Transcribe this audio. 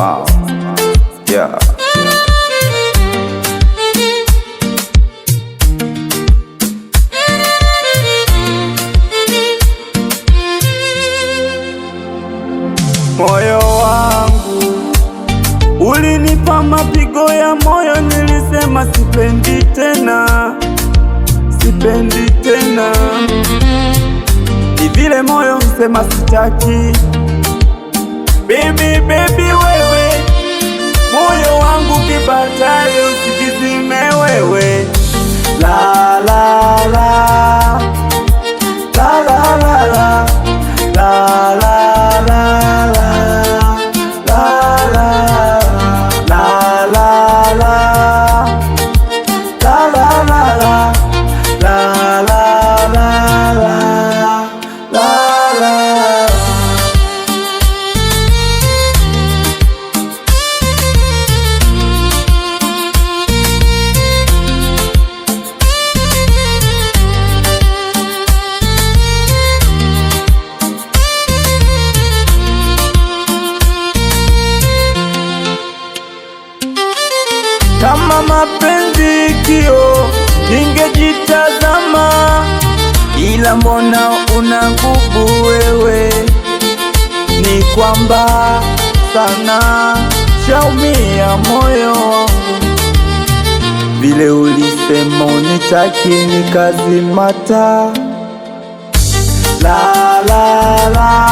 Mau. Yeah. Moyo wangu ulinipa mapigo ya moyo, nilisema sipendi tena, sipendi tena. Ni vile moyo msema sitaki. Baby, baby batalha Kama mapenzi kio, ningejitazama, ila mbona una nguvu wewe? Ni kwamba sana shaumia moyo wangu, vile ulisema unitaki nikazimata la, la, la.